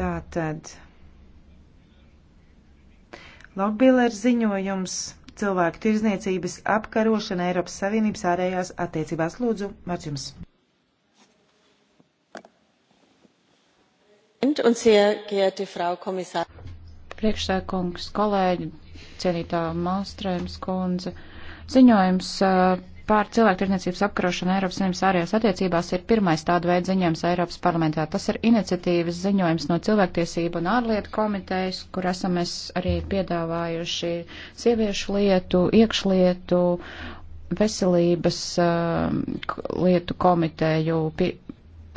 Tātad. Lokbīlers ziņojums cilvēku tirzniecības apkarošana Eiropas Savienības ārējās attiecībās. Lūdzu, vārds jums. Priekšsēkungs, kolēģi, cienītā Mālstrēms kundze, ziņojums pār cilvēktirniecības apkarošanu Eiropas Savienības ārējās attiecībās ir pirmais tāda veida ziņojums Eiropas parlamentā. Tas ir iniciatīvas ziņojums no cilvēktiesību un ārlietu komitejas, kur esam mēs arī piedāvājuši sieviešu lietu, iekšlietu, veselības uh, lietu komiteju pie,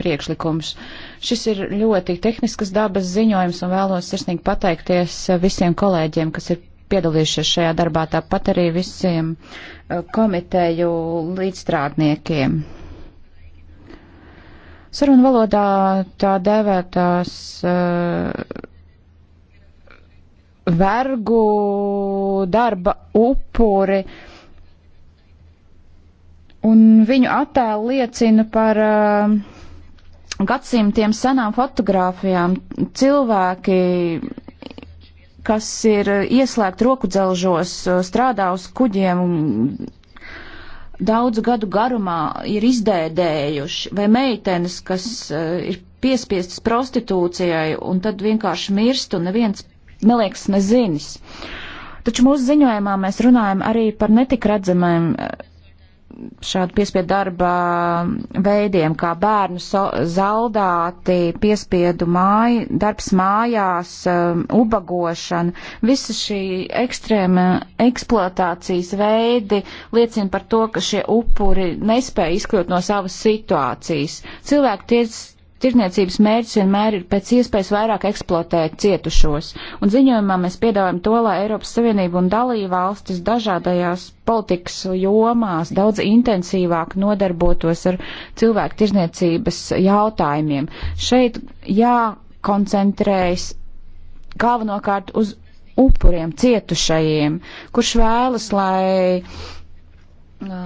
priekšlikums. Šis ir ļoti tehniskas dabas ziņojums un vēlos sirsnīgi pateikties visiem kolēģiem, kas ir piedalījušies šajā darbā, tāpat arī visiem eh, komiteju līdzstrādniekiem. Sarunu valodā tā dēvētās uh, vergu darba upuri, un viņu attēlu liecina par uh, gadsimtiem senām fotogrāfijām. Cilvēki kas ir ieslēgti rokudzelžos, eh, strādā uz kuģiem daudzu gadu garumā, ir izdēdējuši, vai meitenes, kas eh, ir piespiestas prostitūcijai un tad vienkārši mirst un neviens, neliekas, nezinis. Taču mūsu ziņojumā mēs runājam arī par netik redzamiem eh, šādu piespiedu darba veidiem, kā bērnu so, zaldāti, piespiedu māja, darbs mājās, um, ubagošana, visa šī ekstrēma eksploatācijas veidi liecina par to, ka šie upuri nespēja izkļūt no savas situācijas. Cilvēku ties, tirniecības mērķis vienmēr ir pēc iespējas vairāk eksploatēt cietušos. Un ziņojumā mēs piedāvājam to, lai Eiropas Savienība un dalība valstis dažādajās politikas jomās daudz intensīvāk nodarbotos ar cilvēku tirniecības jautājumiem. Šeit jākoncentrējas galvenokārt uz upuriem, cietušajiem, kurš vēlas, lai uh,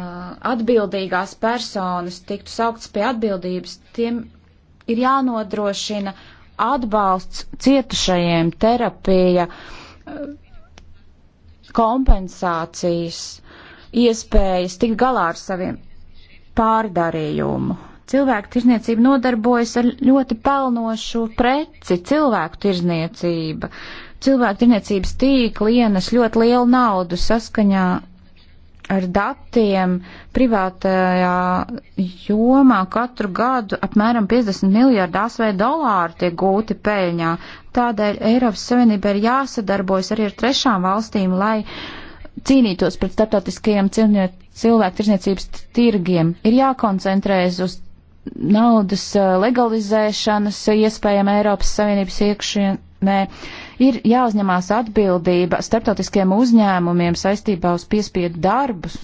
atbildīgās personas tiktu sauktas pie atbildības, tiem ir jānodrošina atbalsts cietušajiem, terapija, kompensācijas, iespējas tikt galā ar saviem pārdarījumu. Cilvēku tirzniecība nodarbojas ar ļoti pelnošu preci, cilvēku tirzniecība. Cilvēku tirzniecības tīkli ienes ļoti lielu naudu saskaņā ar datiem privātajā jomā katru gadu apmēram 50 miljārdu ASV dolāru tiek gūti peļņā. Tādēļ Eiropas Savienība ir jāsadarbojas arī ar trešām valstīm, lai cīnītos pret starptautiskajiem cilvēku tirzniecības tirgiem. Ir jākoncentrējas uz naudas eh, legalizēšanas iespējām Eiropas Savienības iekšienē. Ir jāuzņemās atbildība starptautiskiem uzņēmumiem saistībā uz piespiedu darbus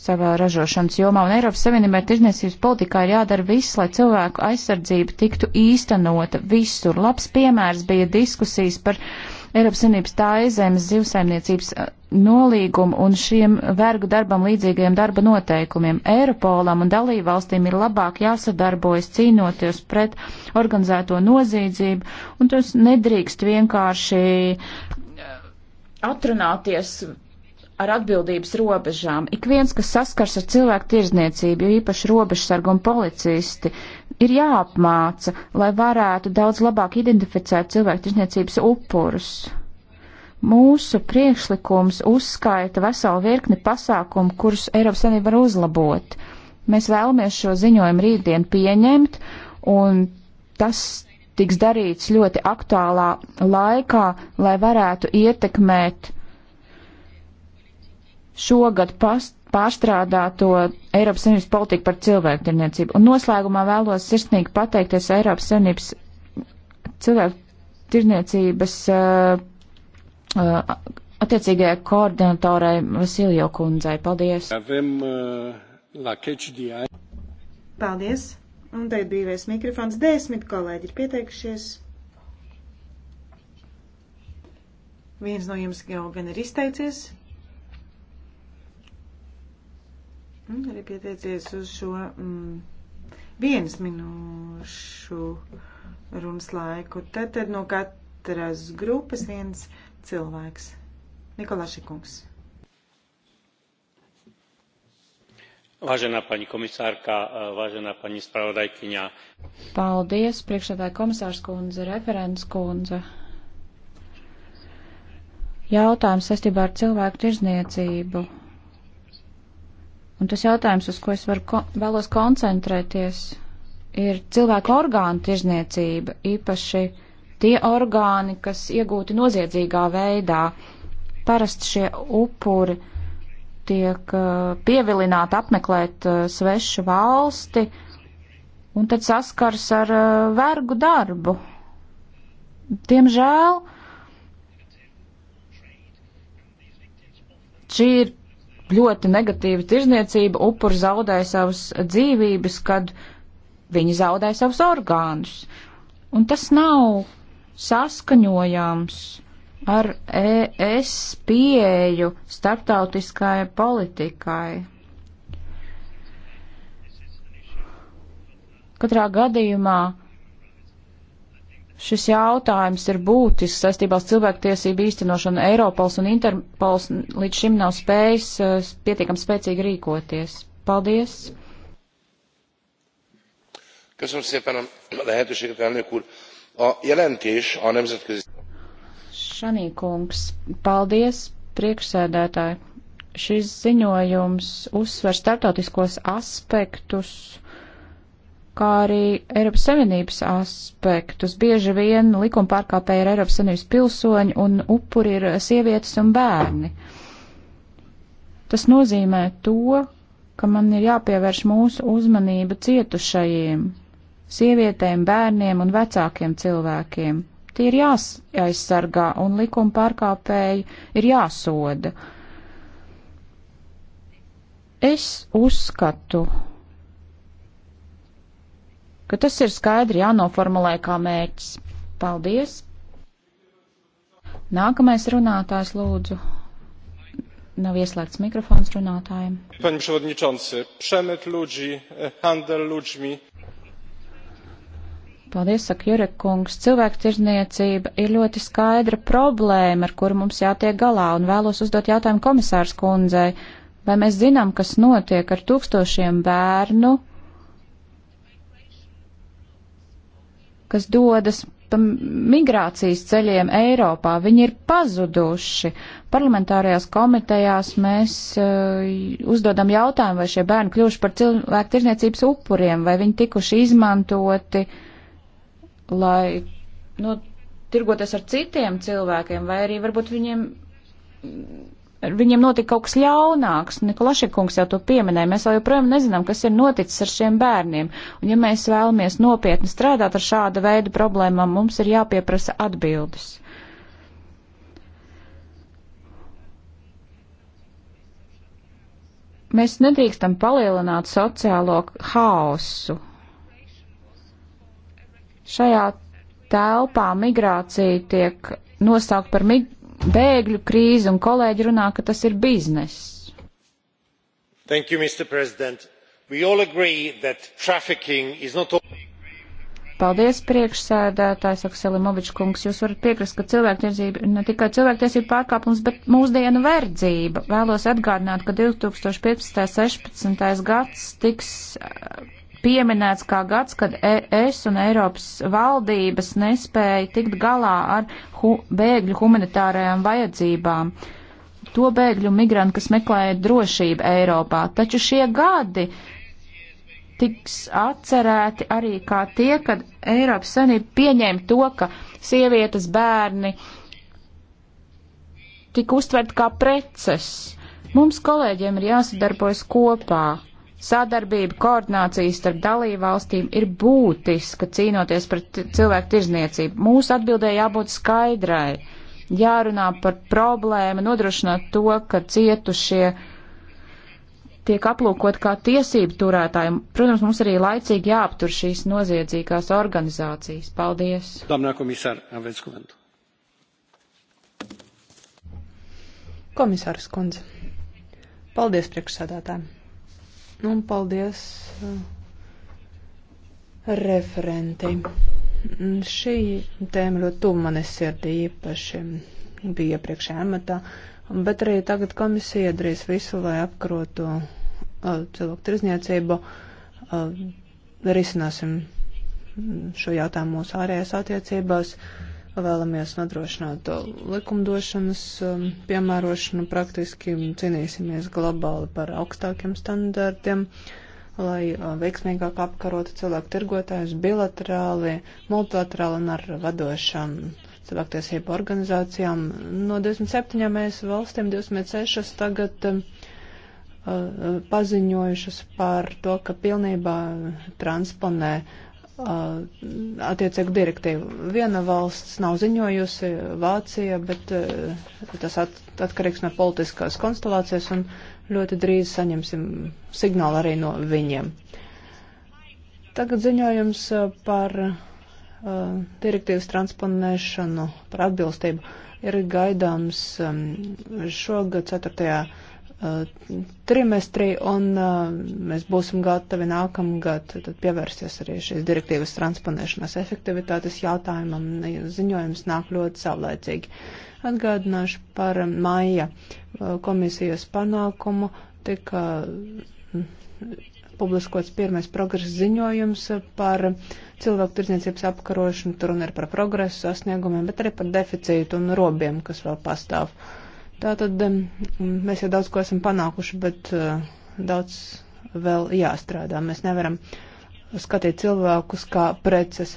savā ražošanas jomā, un Eiropas Savienībā tirzniecības politikā ir jādara viss, lai cilvēku aizsardzība tiktu īstenota visur. Labs piemērs bija diskusijas par uh, Eiropas Savienības tā aizemes zivsaimniecības uh, nolīgumu un šiem vergu darbam līdzīgajiem darba noteikumiem. Eiropolam un dalībvalstīm ir labāk jāsadarbojas cīnoties pret organizēto nozīdzību, un tas nedrīkst vienkārši uh, atrunāties ar atbildības robežām. Ik viens, kas saskars ar cilvēku tirzniecību, jo īpaši robežsargu un policisti, ir jāapmāca, lai varētu daudz labāk identificēt cilvēku tirzniecības upurus. Mūsu priekšlikums uzskaita veselu virkni pasākumu, kurus Eiropas Savienība var uzlabot. Mēs vēlamies šo ziņojumu rītdien pieņemt, un tas tiks darīts ļoti aktuālā laikā, lai varētu ietekmēt šogad past, pārstrādāto Eiropas Savienības politiku par cilvēktirniecību. Un noslēgumā vēlos sirsnīgi pateikties Eiropas Savienības cilvēktirniecības uh, uh, attiecīgajai koordinatorai Vasiljo kundzei. Paldies! Uh, Paldies! Un te ir brīvais mikrofons. Desmit kolēģi ir pieteikušies. Viens no jums jau gan ir izteicies. ir pieteicies uz šo mm, vienas minūšu runas laiku. Tad, tad no katras grupas viens cilvēks. Nikolašikungs. Vážená pani komisárka, vážená pani spravodajkyňa. Paldies, priekšsēdāja komisārs kundze, referents kundze. Jautājums saistībā ar cilvēku tirzniecību Un tas jautājums, uz ko es varu, ko vēlos koncentrēties, ir cilvēku orgānu tirzniecība, īpaši tie orgāni, kas iegūti noziedzīgā veidā. Parasti šie upuri tiek eh, pievilināti apmeklēt eh, svešu valsti un tad saskars ar eh, vergu darbu. Diemžēl šī ir ļoti negatīva tirzniecība, upuri zaudēja savas dzīvības, kad viņi zaudēja savus orgānus. Un tas nav saskaņojams ar ES pieeju starptautiskai politikai. Katrā gadījumā Šis jautājums ir būtisks saistībā ar cilvēktiesību īstenošanu. Eiropols un Interpols līdz šim nav spējis eh, pietiekami spēcīgi rīkoties. Paldies! Köszönöm szépen a lehetőséget, elnök úr. A jelentés a nemzetközi... Sanī kungs, paldies, priekšsēdētāji. Šis ziņojums uzsver startautiskos aspektus kā arī Eiropas Savienības aspektus. Bieži vien likuma pārkāpēji ir Eiropas Savienības pilsoņi un upuri ir sievietes un bērni. Tas nozīmē to, ka man ir jāpievērš mūsu uzmanība cietušajiem, sievietēm, bērniem un vecākiem cilvēkiem. Tie ir jāaizsargā un likuma pārkāpēji ir jāsoda. Es uzskatu, ka tas ir skaidri jānoformulē kā mērķis. Paldies! Nākamais runātājs lūdzu. Nav ieslēgts mikrofons runātājiem. Paņem šodničonsi, šemet lūdži, e, handel lūdžmi. Paldies, saka Jurek kungs. Cilvēktirdzniecība ir ļoti skaidra problēma, ar kuru mums jātiek galā, un vēlos uzdot jautājumu komisārs kundzei. Vai mēs zinām, kas notiek ar tūkstošiem bērnu, kas dodas pa migrācijas ceļiem Eiropā. Viņi ir pazuduši. Parlamentārajās komitejās mēs uh, uzdodam jautājumu, vai šie bērni kļuvuši par cilvēku tirzniecības upuriem, vai viņi tikuši izmantoti, lai nu, tirgoties ar citiem cilvēkiem, vai arī varbūt viņiem viņiem notika kaut kas ļaunāks. Nikolašikungs jau to pieminēja. Mēs vēl joprojām nezinām, kas ir noticis ar šiem bērniem. Un ja mēs vēlamies nopietni strādāt ar šāda veida problēmām, mums ir jāpieprasa atbildes. Mēs nedrīkstam palielināt sociālo haosu. Šajā telpā migrācija tiek nosaukt par migrāciju bēgļu krīzi, un kolēģi runā, ka tas ir bizness. Thank you, Mr. President. We all agree that trafficking is not only. Paldies, priekšsēdētājs Akselimovičs kungs. Jūs varat piekrist, ka cilvēktiesība ir ne tikai cilvēktiesība pārkāpums, bet mūsdienu verdzība. Vēlos atgādināt, ka 2015. 16. gads tiks pieminēts kā gads, kad e- es un Eiropas valdības nespēja tikt galā ar hu bēgļu humanitārajām vajadzībām. To bēgļu migrantu, kas meklēja drošību Eiropā. Taču šie gadi tiks atcerēti arī kā tie, kad Eiropas Savienība pieņēma to, ka sievietes bērni tika uztvert kā preces. Mums kolēģiem ir jāsadarbojas kopā Sadarbība, koordinācija starp dalībvalstīm ir būtiska cīnoties pret cilvēku tirzniecību. Mūsu atbildē jābūt skaidrai, jārunā par problēmu, nodrošināt to, ka cietušie tiek aplūkot kā tiesību turētāji. Protams, mums arī laicīgi jāaptur šīs noziedzīgās organizācijas. Paldies! Domnā komisāra, vēdz komentu. Komisārs Kundze. Paldies priekšsādātājiem! Nu, un paldies eh, referentei. Šī tēma ļoti tuvu manis sirdī īpaši bija iepriekšējā amatā, bet arī tagad komisija darīs visu, lai apkarotu uh, cilvēku tirzniecību. Uh, risināsim šo jautājumu mūsu ārējās attiecībās. Uh, vēlamies nodrošināt likumdošanas um, piemērošanu praktiski un cīnīsimies globāli par augstākiem standartiem, lai uh, veiksmīgāk apkarotu cilvēku tirgotājus bilaterāli, multilaterāli un ar vadošām cilvēktiesību organizācijām. No 27 mēs valstīm 26 tagad um, uh, paziņojušas par to, ka pilnībā transponē uh, Uh, attiecīgu direktīvu. Viena valsts nav ziņojusi, Vācija, bet uh, tas at, atkarīgs no politiskās konstelācijas un ļoti drīz saņemsim signālu arī no viņiem. Tagad ziņojums uh, par uh, direktīvas transponēšanu, par atbilstību ir gaidāms um, šogad 4. Uh, trimestrī, un uh, mēs būsim gatavi nākamgad pievērsties arī šīs direktīvas transponēšanas efektivitātes jautājumam. Ziņojums nāk ļoti savlaicīgi. Atgādināšu par maija uh, komisijas panākumu. Tika mm, publiskots pirmais progresa ziņojums par cilvēku tirdzniecības apkarošanu. Tur un ir par progresu sasniegumiem, bet arī par deficītu un robiem, kas vēl pastāv. Uh, Tātad mēs jau daudz ko esam panākuši, bet eh, daudz vēl jāstrādā. Mēs nevaram skatīt cilvēkus kā preces.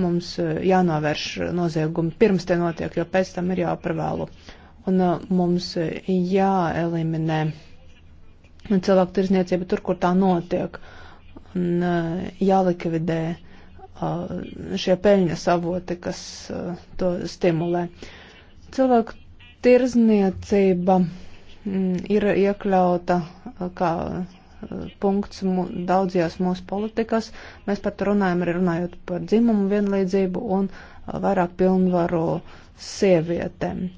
Mums eh, jānovērš noziegumi pirms tie notiek, jo pēc tam ir jāparvēlu. Un eh, mums jāeliminē cilvēku tirzniecība tur, kur tā notiek. Un jālikvidē šie peļņas avoti, kas to stimulē. Cilvēku tirzniecība mm, ir iekļauta kā eh, punkts daudzajās mūsu politikas. Mēs pat runājam arī runājot par dzimumu vienlīdzību un eh, vairāk pilnvaru sievietēm. Eh,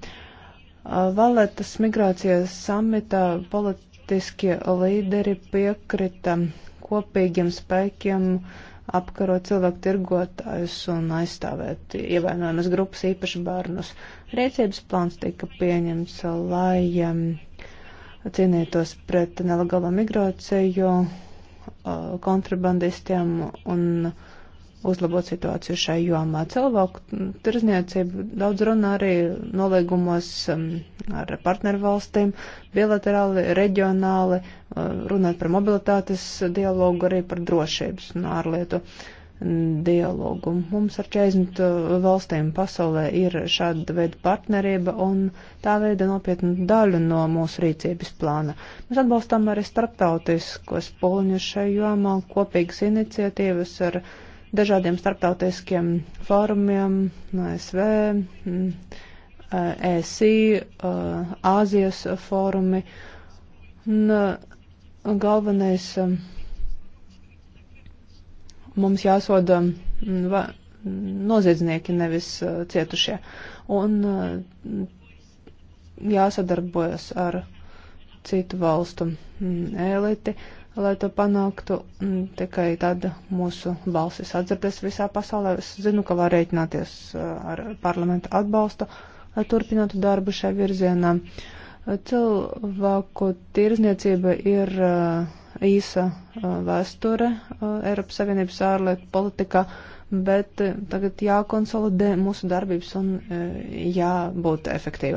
Valetas migrācijas samitā politiskie līderi piekrita kopīgiem spēkiem uh, apkarot cilvēku tirgotājus un aizstāvēt ievainojamas grupas īpaši bērnus. Rīcības plāns tika pieņemts, lai um, cīnītos pret nelegālo migrāciju, uh, kontrabandistiem un uzlabot situāciju šai jomā. Cilvēku tirzniecību daudz runā arī nolīgumos. Um, ar partnervalstīm, bilaterāli, reģionāli, eh, runāt par mobilitātes dialogu, arī par drošības un ārlietu dialogu. Mums ar 40 eh, valstīm pasaulē ir šāda veida partnerība un tā veida nopietna daļa no mūsu rīcības plāna. Mēs atbalstām arī starptautiskos poliņus šai jomā, kopīgas iniciatīvas ar dažādiem starptautiskiem fórumiem, ASV. No ESI, eh, e eh, Āzijas fórumi. Un eh, galvenais mums jāsoda mm, noziedznieki, nevis cietušie. Un jāsadarbojas ar citu valstu mm, eliti, lai to panāktu. Tikai tad mūsu balsis atdzirdēs visā pasaulē. Es zinu, ka var rēķināties ar parlamentu atbalstu. Uh, turpinātu darbu šajā virzienā. Cilvēku tirzniecība ir uh, īsa uh, vēsture uh, Eiropas Savienības ārlietu politikā, bet tagad jākonsolidē mūsu darbības un jābūt efektīvai.